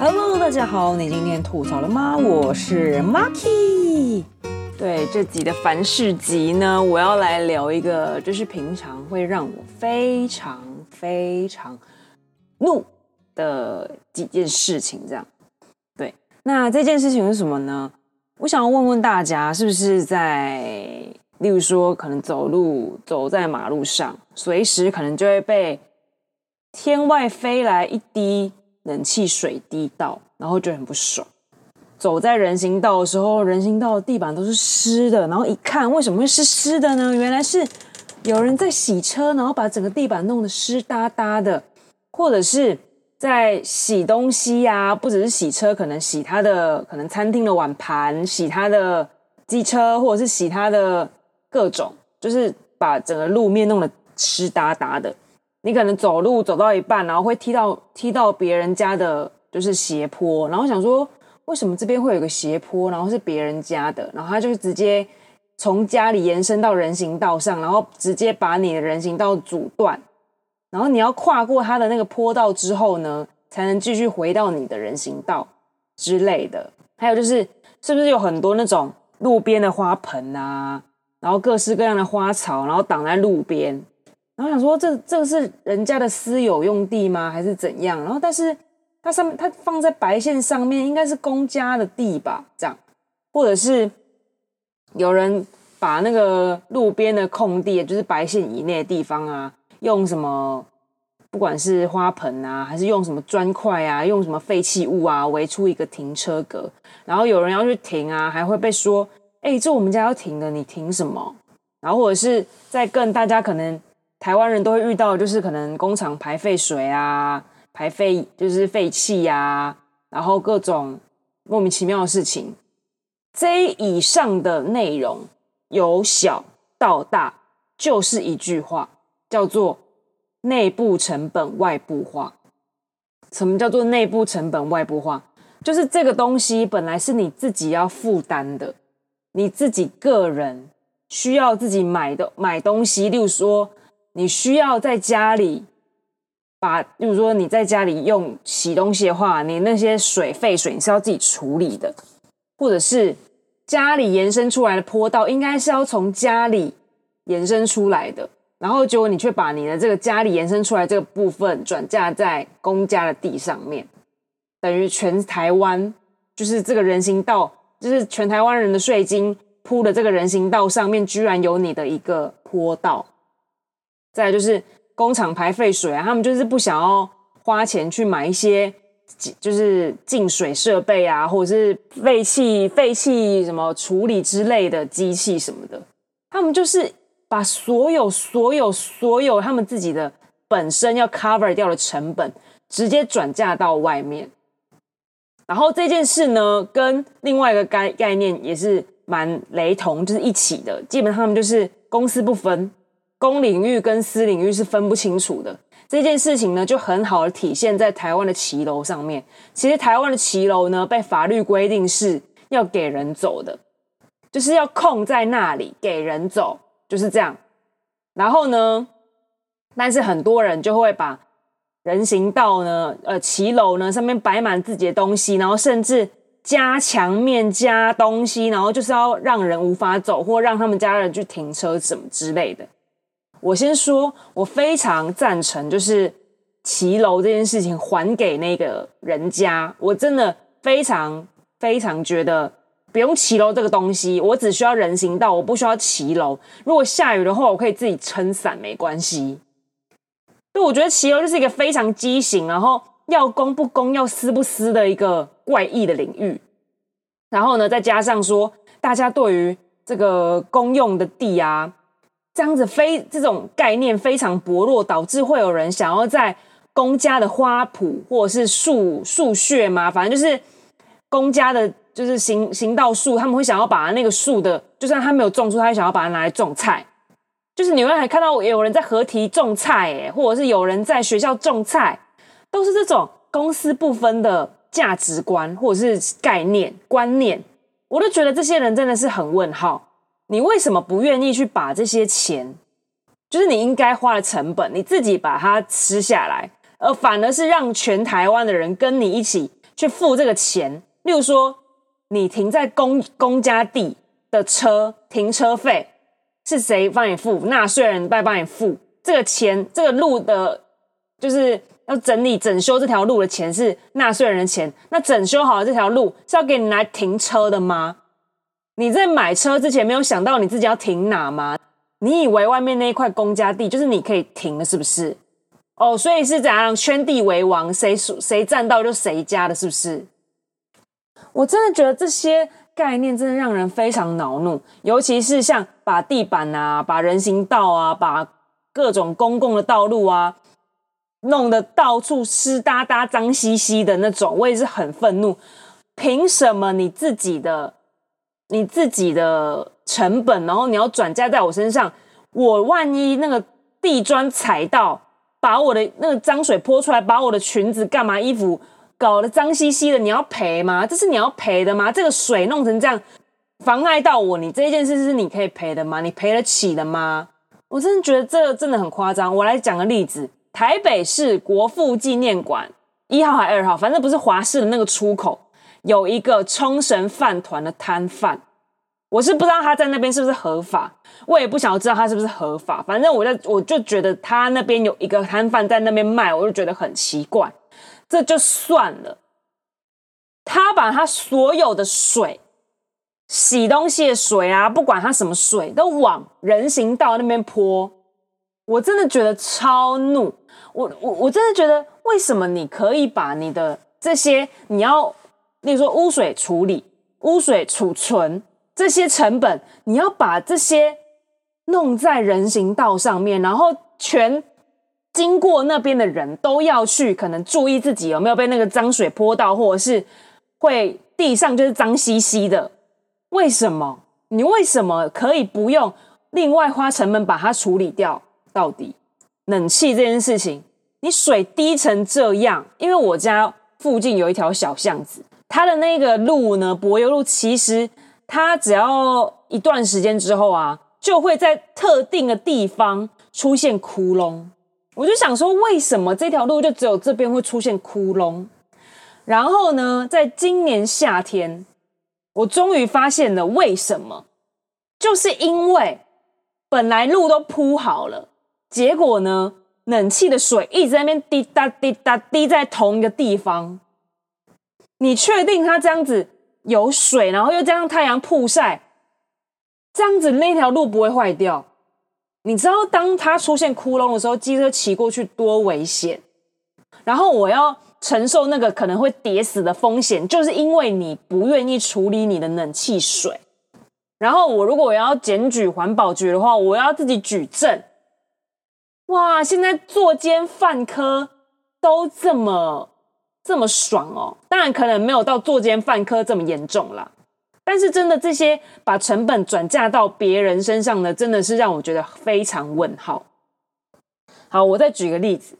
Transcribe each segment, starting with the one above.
Hello，大家好！你今天吐槽了嗎？我是 Maki。對，這集的凡事集呢，我要來聊一個，就是平常會讓我非常非常怒的幾件事情。這樣，對，那這件事情是什麼呢？我想要問問大家，是不是在，例如說，可能走路走在馬路上，隨時可能就會被天外飛來一滴。冷氣水滴到，然後覺得很不爽。走在人行道的時候，人行道的地板都是濕的。然後一看，為什麼會是濕濕的呢？原來是有人在洗車，然後把整個地板弄得濕噠噠的。或者是在洗東西呀、啊，不只是洗車，可能洗他的，可能餐廳的碗盤，洗他的機車，或者是洗他的各種，就是把整個路面弄得濕噠噠的。你可能走路走到一半，然後會踢到踢到別人家的，就是斜坡，然後想說為什麼這邊會有個斜坡，然後是別人家的，然後他就是直接從家裡延伸到人行道上，然後直接把你的人行道阻斷，然後你要跨過他的那個坡道之後呢，才能繼續回到你的人行道之類的。還有就是，是不是有很多那種路邊的花盆啊，然後各式各樣的花草，然後擋在路邊。然後想說這，這這個是人家的私有用地嗎？還是怎樣？然後，但是它上面它放在白線上面，應該是公家的地吧？這樣，或者是有人把那個路邊的空地，就是白線以內的地方啊，用什麼，不管是花盆啊，還是用什麼磚塊啊，用什麼廢棄物啊，圍出一個停車格，然後有人要去停啊，還會被說，哎、欸，這我們家要停的，你停什麼？然後或者是在跟大家可能。台灣人都會遇到，就是可能工廠排廢水啊，排廢就是廢氣啊，然後各種莫名其妙的事情。這以上的內容，由小到大，就是一句話，叫做內部成本外部化。什麼叫做內部成本外部化？就是這個東西本來是你自己要負擔的，你自己個人需要自己買的買東西，例如說。你需要在家裡把，就是說你在家裡用洗東西的話，你那些水廢水你是要自己處理的，或者是家裡延伸出來的坡道，應該是要從家裡延伸出來的，然後結果你卻把你的這個家裡延伸出來這個部分轉嫁在公家的地上面，等於全台灣就是這個人行道，就是全台灣人的稅金鋪的這個人行道上面，居然有你的一個坡道。再來就是工廠排廢水啊，他們就是不想要花錢去買一些就是淨水設備啊，或者是廢氣廢氣什麼處理之類的機器什麼的，他們就是把所有所有所有他們自己的本身要 cover 掉的成本，直接轉嫁到外面。然後這件事呢，跟另外一個概概念也是蠻雷同，就是一起的，基本上他們就是公私不分。公領域跟私領域是分不清楚的，這件事情呢，就很好的體現在台灣的騎樓上面。其實台灣的騎樓呢，被法律規定是要給人走的，就是要空在那裡給人走，就是這樣。然後呢，但是很多人就會把人行道呢，呃，騎樓呢，上面擺滿自己的東西，然後甚至加牆面加東西，然後就是要讓人無法走，或讓他們家人去停車什麼之類的。我先說，我非常贊成，就是騎樓這件事情還給那個人家。我真的非常非常覺得不用騎樓這個東西，我只需要人行道，我不需要騎樓。如果下雨的話，我可以自己撐傘，沒關係。就我覺得騎樓就是一個非常畸形，然後要公不公，要私不私的一個怪異的領域。然後呢，再加上說，大家對於這個公用的地啊。這樣子非這種概念非常薄弱，導致會有人想要在公家的花圃或者是樹樹穴嘛，反正就是公家的，就是行行道樹，他們會想要把那個樹的，就算他沒有種出，他會想要把它拿來種菜。就是你會還看到有人在河堤種菜，欸，哎，或者是有人在學校種菜，都是這種公私不分的價值觀或者是概念觀念，我都覺得這些人真的是很問號。你為什麼不願意去把這些錢，就是你應該花的成本，你自己把它吃下來，而反而是讓全台灣的人跟你一起去付這個錢？例如說，你停在公公家地的車停車費是誰幫你付？納稅人在幫，幫你付這個錢？這個路的，就是要整理整修這條路的錢是納稅人的錢，那整修好了這條路是要給你來停車的嗎？你在買車之前沒有想到你自己要停哪嗎？你以為外面那一塊公家地就是你可以停了，是不是？哦，所以是怎樣，圈地為王，誰誰佔到就誰家了，是不是？我真的覺得這些概念真的讓人非常惱怒，尤其是像把地板啊、把人行道啊、把各種公共的道路啊弄得到處濕噠噠、髒兮兮的那種，我也是很憤怒。憑什麼你自己的？你自己的成本，然後你要轉嫁在我身上。我萬一那個地磚踩到，把我的那個髒水潑出來，把我的裙子幹嘛衣服搞得髒兮兮的，你要賠嗎？這是你要賠的嗎？這個水弄成這樣，妨礙到我，你這件事是你可以賠的嗎？你賠得起的嗎？我真的覺得這個真的很誇張。我來講個例子，台北市國父紀念館一號還二號，反正不是華視的那個出口。有一個沖繩飯糰的攤販，我是不知道他在那邊是不是合法，我也不想要知道他是不是合法。反正我在，我就覺得他那邊有一個攤販在那邊賣，我就覺得很奇怪。這就算了，他把他所有的水、洗東西的水啊，不管他什麼水，都往人行道那邊潑，我真的覺得超怒。我我我真的覺得，為什麼你可以把你的這些你要？例如說污水處理、污水儲存這些成本，你要把這些弄在人行道上面，然後全經過那邊的人都要去，可能注意自己有沒有被那個髒水潑到，或者是會地上就是髒兮兮的。為什麼？你為什麼可以不用另外花成本把它處理掉？到底冷氣這件事情，你水滴成這樣，因為我家附近有一條小巷子。它的那個路呢，柏油路，其實它只要一段時間之後啊，就會在特定的地方出現窟窿。我就想說，為什麼這條路就只有這邊會出現窟窿？然後呢，在今年夏天，我終於發現了為什麼，就是因為本來路都鋪好了，結果呢，冷氣的水一直在那邊滴答滴答滴在同一個地方。你確定它這樣子有水，然後又加上太陽曝曬，這樣子那條路不會壞掉？你知道當它出現窟窿的時候，機車騎過去多危險？然後我要承受那個可能會跌死的風險，就是因為你不願意處理你的冷氣水。然後我如果我要檢舉環保局的話，我要自己舉證。哇，現在作姦犯科都這麼。這麼爽哦，當然可能沒有到作奸犯科這麼嚴重啦。但是真的這些把成本轉嫁到別人身上的，真的是讓我覺得非常問號。好，我再舉個例子，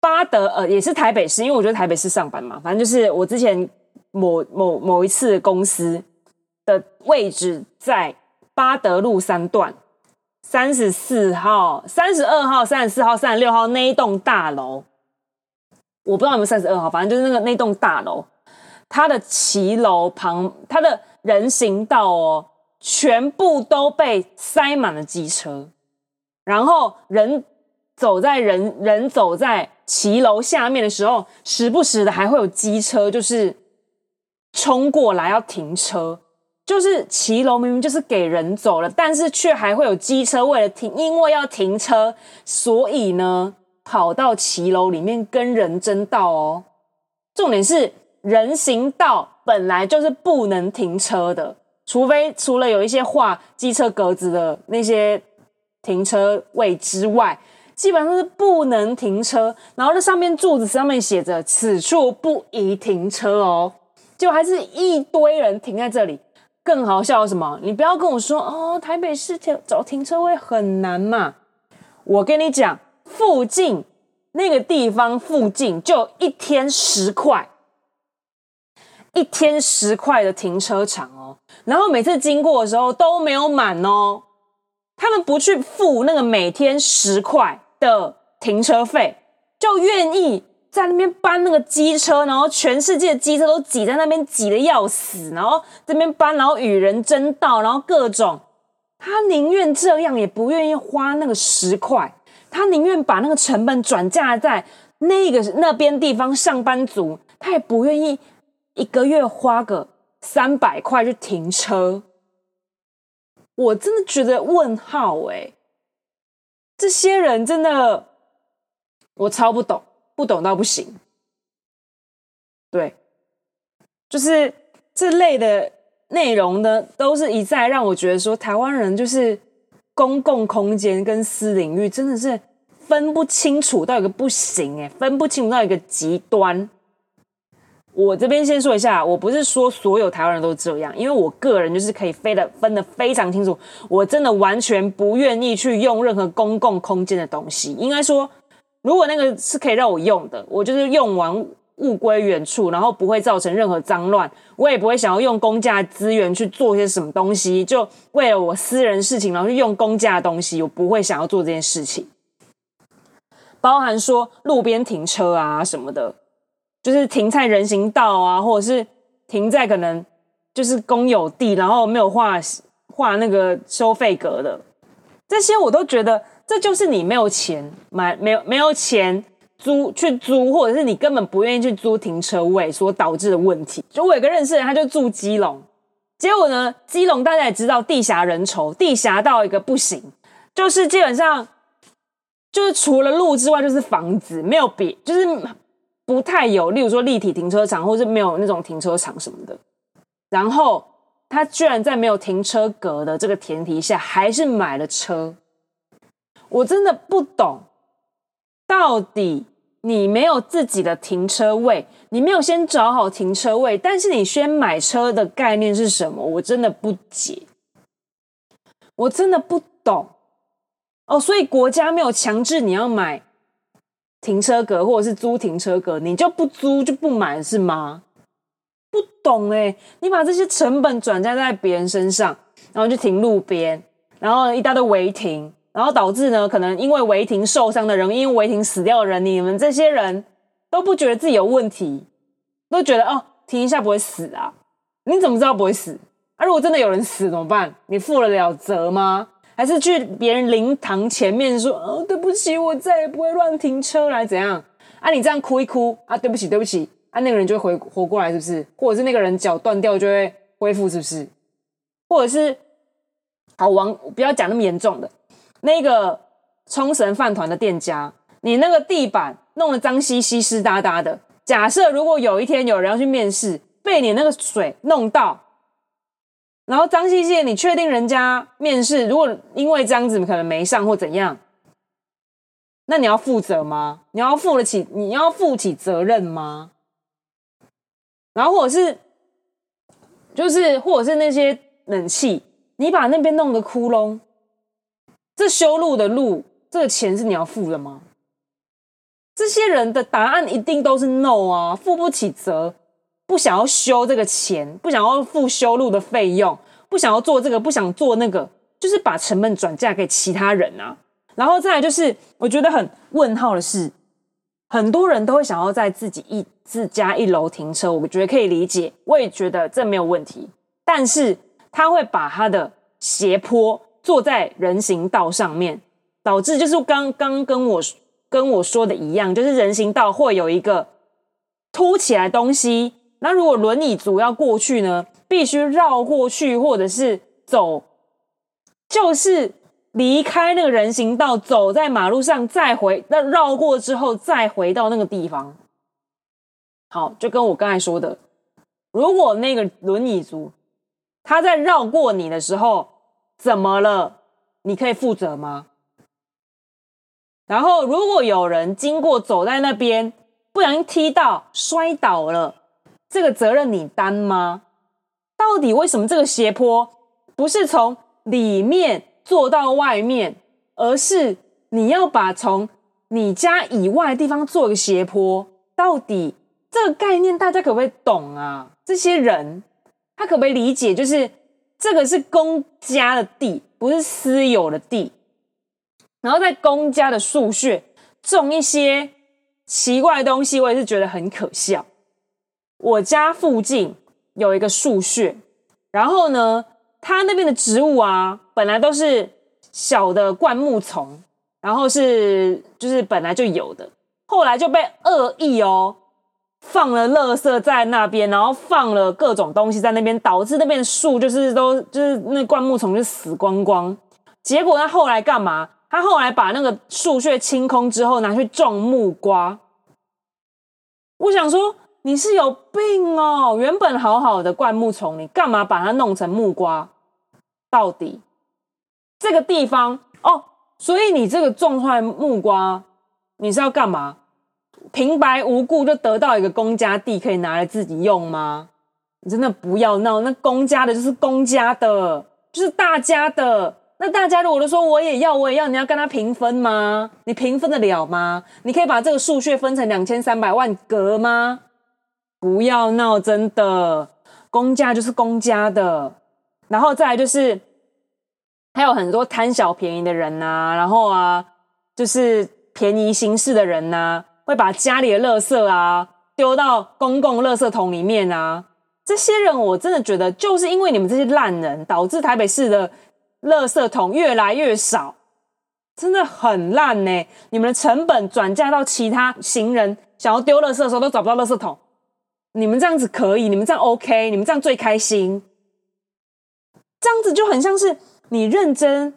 八德呃，也是台北市，因為我覺得台北市上班嘛，反正就是我之前某某某一次公司的位置在八德路三段三十四號、三十二號、三十四號、三十六號那一棟大樓。我不知道有沒有三十二號，反正就是那個那棟大樓，它的騎樓旁，它的人行道哦，全部都被塞滿了機車，然後人走在人人走在騎樓下面的時候，時不時的還會有機車就是衝過來要停車，就是騎樓明明就是給人走了，但是卻還會有機車為了停，因為要停車，所以呢。跑到騎樓裡面跟人爭道哦，重點是人行道本來就是不能停車的，除非除了有一些畫機車格子的那些停車位之外，基本上是不能停車。然後這上面柱子上面寫着“此處不宜停車”哦，就還是一堆人停在這裡。更好笑的是什麼？你不要跟我說哦，台北市停找停車位很難嘛？我跟你講。附近那個地方附近就一天十塊，一天十塊的停車場哦。然後每次經過的時候都沒有滿哦，他們不去付那個每天十塊的停車費，就願意在那邊搬那個機車，然後全世界的機車都擠在那邊，擠的要死。然後這邊搬，然後與人爭道，然後各種，他寧願這樣，也不願意花那個十塊。他寧願把那個成本轉嫁在那個那邊地方上班族，他也不願意一個月花個三百塊去停車。我真的覺得問號誒，這些人真的我超不懂，不懂到不行。對，就是這類的內容呢，都是一再讓我覺得說台灣人就是。公共空間跟私領域真的是分不清楚到一個不行哎、欸，分不清楚到一個極端。我這邊先說一下，我不是說所有台灣人都這樣，因為我個人就是可以分得分得非常清楚。我真的完全不願意去用任何公共空間的東西。應該說，如果那個是可以讓我用的，我就是用完。物歸原處，然後不會造成任何髒亂，我也不會想要用公家資源去做一些什麼東西，就為了我私人事情，然後去用公家東西，我不會想要做這件事情。包含說路邊停車啊什麼的，就是停在人行道啊，或者是停在可能就是公有地，然後沒有畫畫那個收費格的，這些我都覺得這就是你沒有錢買，沒有沒有錢，租去租，或者是你根本不願意去租停車位所導致的問題。就我有一個認識人，他就住基隆，結果呢，基隆大家也知道地狹人稠，地狹到一個不行，就是基本上就是除了路之外，就是房子沒有別，就是不太有，例如說立體停車場，或是沒有那種停車場什麼的。然後他居然在沒有停車格的這個前提下，還是買了車。我真的不懂到底。你沒有自己的停車位，你沒有先找好停車位，但是你先買車的概念是什麼？我真的不解，我真的不懂。哦，所以國家沒有強制你要買停車格或者是租停車格，你就不租就不買是嗎？不懂欸，你把這些成本轉嫁在別人身上，然後就停路邊，然後一大堆違停。然後導致呢，可能因為違停受傷的人，因為違停死掉的人，你們這些人都不覺得自己有問題，都覺得哦，停一下不會死啊？你怎麼知道不會死？啊，如果真的有人死怎麼辦？你負得了責嗎？還是去別人靈堂前面說啊，哦，對不起，我再也不會亂停車來怎樣？啊，你這樣哭一哭啊，對不起，對不起，啊，那個人就會回活過來是不是？或者是那個人腳斷掉就會恢復是不是？或者是好王，不要講那麼嚴重的。那個沖繩飯糰的店家，你那個地板弄得髒兮兮、濕噠噠的。假設如果有一天有人要去面試，被你那個水弄到，然後髒兮兮，你確定人家面試如果因為這樣子可能沒上或怎樣，那你要負責嗎？你要負得起，你要負起責任嗎？然後或者是，就是或者是那些冷氣，你把那邊弄個窟窿。這修路的路，這個錢是你要付的嗎？這些人的答案一定都是 no 啊，付不起責，不想要修這個錢，不想要付修路的費用，不想要做這個，不想做那個，就是把成本轉嫁給其他人啊。然後再來就是，我覺得很問號的是，很多人都會想要在自己一自家一樓停車，我覺得可以理解，我也覺得這沒有問題，但是他會把他的斜坡。坐在人行道上面，導致就是剛剛跟我跟我說的一樣，就是人行道會有一個凸起來東西。那如果輪椅族要過去呢，必須繞過去，或者是走，就是離開那個人行道，走在馬路上再回。那繞過之後再回到那個地方。好，就跟我剛才說的，如果那個輪椅族他在繞過你的時候。怎麼了？你可以負責嗎？然後，如果有人經過走在那邊，不小心踢到摔倒了，這個責任你擔嗎？到底為什麼這個斜坡不是從裡面坐到外面，而是你要把從你家以外的地方做一個斜坡？到底這個概念大家可不可以懂啊？這些人他可不可以理解？就是。這個是公家的地，不是私有的地。然後在公家的樹穴種一些奇怪的東西，我也是覺得很可笑。我家附近有一個樹穴，然後呢，它那邊的植物啊，本來都是小的灌木叢，然後是就是本來就有的，後來就被惡意哦。放了垃圾在那邊，然後放了各種東西在那邊，導致那邊的樹就是都就是那灌木叢就死光光。結果他後來幹嘛？他後來把那個樹穴清空之後，拿去種木瓜。我想說你是有病哦，原本好好的灌木叢，你幹嘛把它弄成木瓜？到底這個地方哦，所以你這個種出來木瓜，你是要幹嘛？平白無故就得到一個公家地可以拿來自己用嗎？你真的不要鬧！那公家的就是公家的，就是大家的。那大家如果都說我也要，我也要，你要跟他平分嗎？你平分得了嗎？你可以把這個樹穴分成兩千三百萬格嗎？不要鬧！真的，公家就是公家的。然後再來就是，還有很多貪小便宜的人吶、啊，然後啊，就是便宜行事的人吶、啊。會把家裡的垃圾啊丟到公共垃圾桶裡面啊，這些人我真的覺得就是因為你們這些爛人，導致台北市的垃圾桶越來越少，真的很爛呢、欸。你們的成本轉嫁到其他行人想要丟垃圾的時候都找不到垃圾桶，你們這樣子可以，你們這樣 OK，你們這樣最開心，這樣子就很像是你認真，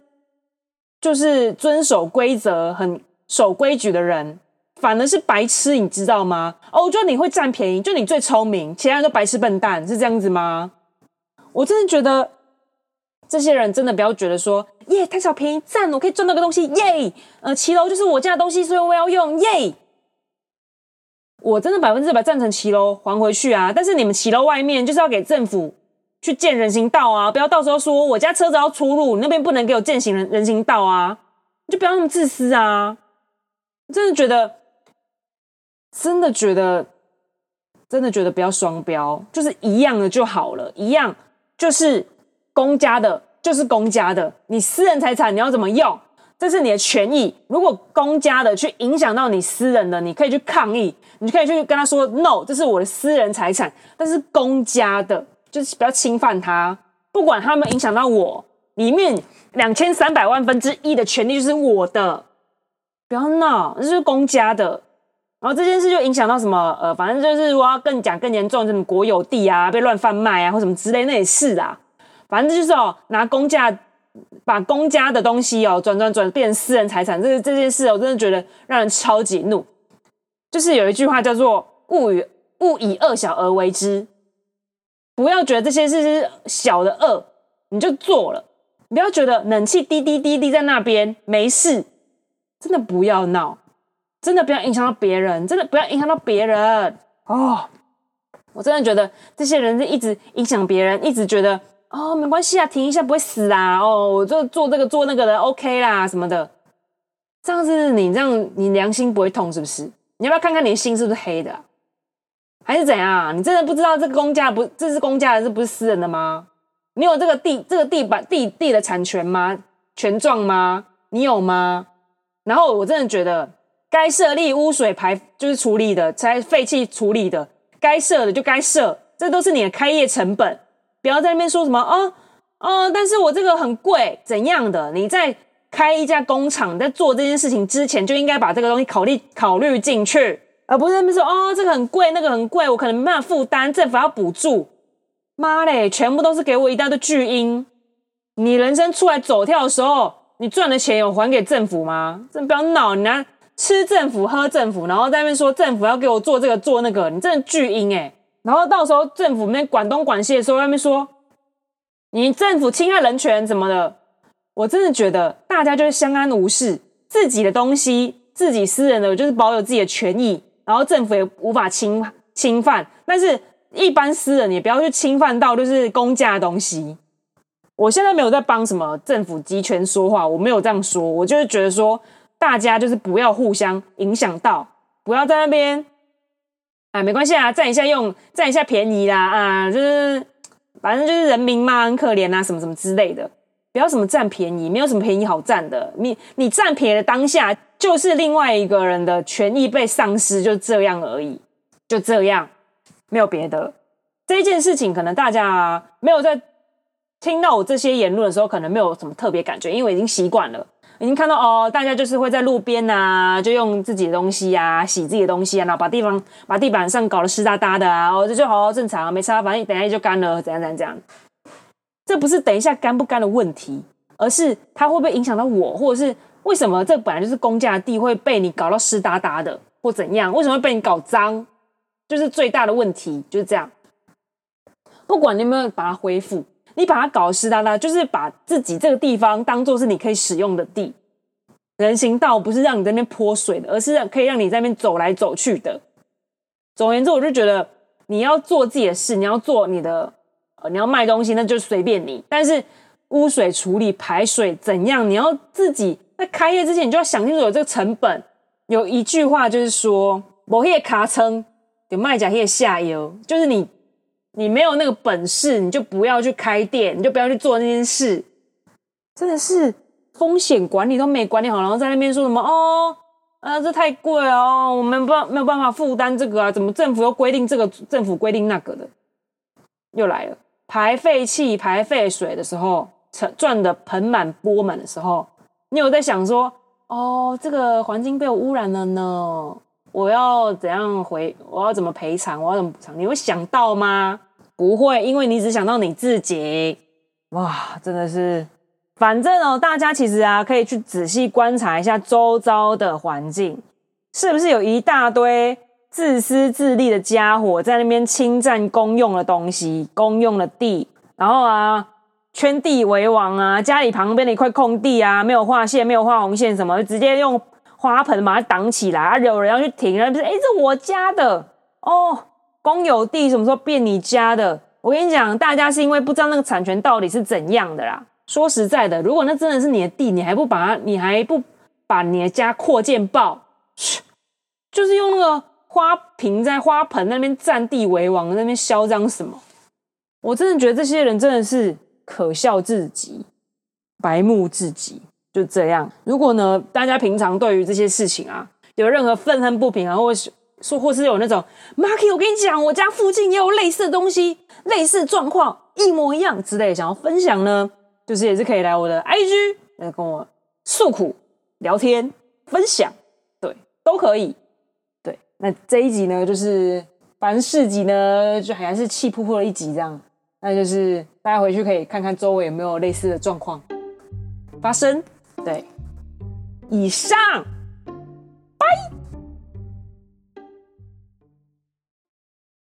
就是遵守規則、很守規矩的人。反而是白痴，你知道嗎？哦，就你會占便宜，就你最聰明，其他人都白痴笨蛋，是這樣子嗎？我真的覺得這些人真的不要覺得說耶，貪小便宜占了，我可以賺到個東西耶。呃，騎樓就是我家的東西，所以我要用耶。我真的百分之百贊成騎樓還回去啊！但是你們騎樓外面就是要給政府去建人行道啊，不要到時候說我家車子要出入，你那邊不能給我建行人人行道啊，你就不要那麼自私啊！真的覺得。真的覺得，真的覺得不要雙標，就是一樣的就好了。一樣就是公家的，就是公家的。你私人財產你要怎麼用，這是你的權益。如果公家的去影響到你私人的，你可以去抗議，你就可以去跟他說：“No，這是我的私人財產。”但是公家的，就是不要侵犯他。不管他們影響到我，裡面兩千三百萬分之一的權利就是我的。不要鬧，這是公家的。然後這件事就影響到什麼？呃，反正就是我要更講更嚴重，什麼國有地啊，被亂販賣啊，或什麼之類那些事啦。反正就是哦，拿公家把公家的東西哦，轉轉轉變成私人財產，這這件事，我真的覺得讓人超級怒。就是有一句話叫做“勿以勿以惡小而為之”，不要覺得這些事是小的惡，你就做了。你不要覺得冷氣滴滴滴滴在那邊沒事，真的不要鬧。真的不要影響到別人，真的不要影響到別人哦！我真的覺得這些人是一直影響別人，一直覺得哦，沒關係啊，停一下不會死啊，哦，我就做這個做那個的，OK 啦什麽的。這樣子你這樣，你良心不會痛是不是？你要不要看看你的心是不是黑的，還是怎樣啊？你真的不知道這個公家不？這是公家的，這不是私人的嗎？你有這個地這個地板地地的產權嗎？權狀嗎？你有嗎？然後我真的覺得。該設立污水排就是處理的。才廢氣處理的，該設的就該設，這都是你的開業成本，不要在那邊說什麼哦哦，但是我這個很貴怎樣的？你在開一家工廠，在做這件事情之前就應該把這個東西考慮考慮進去，而不是在那邊說哦，這個很貴，那個很貴，我可能沒辦法負擔，政府要補助，媽嘞，全部都是給我一大堆巨嬰！你人生出來走跳的時候，你賺的錢有還給政府嗎？這不要鬧，你呢？吃政府喝政府，然後在那邊說政府要給我做這個做那個，你真的巨嬰誒。然後到時候政府那管東管西的時候，外面說你政府侵害人權怎麼了？我真的覺得大家就是相安無事，自己的東西自己私人的就是保有自己的權益，然後政府也無法侵侵犯。但是，一般私人也不要去侵犯到就是公家的東西。我現在沒有在幫什麼政府集權說話，我沒有這樣說，我就是覺得說。大家就是不要互相影響到，不要在那邊，哎、啊，沒關係啊，占一下用，占一下便宜啦，啊，就是，反正就是人民嘛，很可憐啊，什麼什麼之類的，不要什麼占便宜，沒有什麼便宜好占的。你你占便宜的當下，就是另外一個人的權益被喪失，就這樣而已，就這樣，沒有別的。這一件事情，可能大家沒有在聽到我這些言論的時候，可能沒有什麼特別感覺，因為我已經習慣了。已經看到哦，大家就是會在路邊啊，就用自己的東西呀、啊，洗自己的東西啊，然後把地方、把地板上搞得濕噠噠的啊，哦，這就好好正常，沒差，反正等一下就乾了，怎樣怎樣怎樣。這不是等一下乾不乾的問題，而是它會不會影響到我，或者是為什麼這本來就是公家的地會被你搞到濕噠噠的，或怎樣？為什麼會被你搞髒？就是最大的問題，就是這樣。不管你有沒有把它恢復。你把它搞濕噠噠，就是把自己這個地方當做是你可以使用的地。人行道不是讓你在那邊潑水的，而是讓可以讓你在那邊走來走去的。總而言之，我就覺得你要做自己的事，你要做你的、呃，你要賣東西，那就隨便你。但是污水處理、排水怎樣，你要自己在開業之前，你就要想清楚有這個成本。有一句話就是說：“某些卡撐有賣假業下游”，就是你。你沒有那個本事，你就不要去開店，你就不要去做那件事。真的是風險管理都沒管理好，然後在那邊說什麼哦，啊，這太貴哦，我們不沒有辦法負擔這個啊，怎麼政府又規定這個，政府規定那個的，又來了。排廢氣、排廢水的時候，賺得盆滿缽滿的時候，你有在想說，哦，這個環境被我污染了呢？我要怎樣回？我要怎麼賠償？我要怎麼補償？你會想到嗎？不會，因為你只想到你自己。哇，真的是，反正哦，大家其實啊，可以去仔細觀察一下周遭的環境，是不是有一大堆自私自利的家伙在那邊侵占公用的東西、公用的地，然後啊，圈地為王啊，家裡旁邊的一塊空地啊，沒有畫線，沒有畫紅線什麼，就直接用。花盆把它擋起來啊！有人要去停，然後不是誒，這我家的哦，公有地什麼時候變你家的？我跟你講，大家是因為不知道那個產權到底是怎樣的啦。說實在的，如果那真的是你的地，你還不把它，你還不把你的家擴建爆，就是用那個花瓶在花盆那邊占地為王，那邊囂張什麼？我真的覺得這些人真的是可笑至極，白目至極。就這樣。如果呢，大家平常對於這些事情啊，有任何憤恨不平啊，或說或是有那種，Marky，我跟你講，我家附近也有類似的東西、類似狀況，一模一樣之類，想要分享呢，就是也是可以來我的 IG 來跟我訴苦、聊天、分享，對，都可以。對，那這一集呢，就是凡事集呢，就還，還是氣噗噗的一集這樣。那就是大家回去可以看看周圍有沒有類似的狀況發生。對，以上。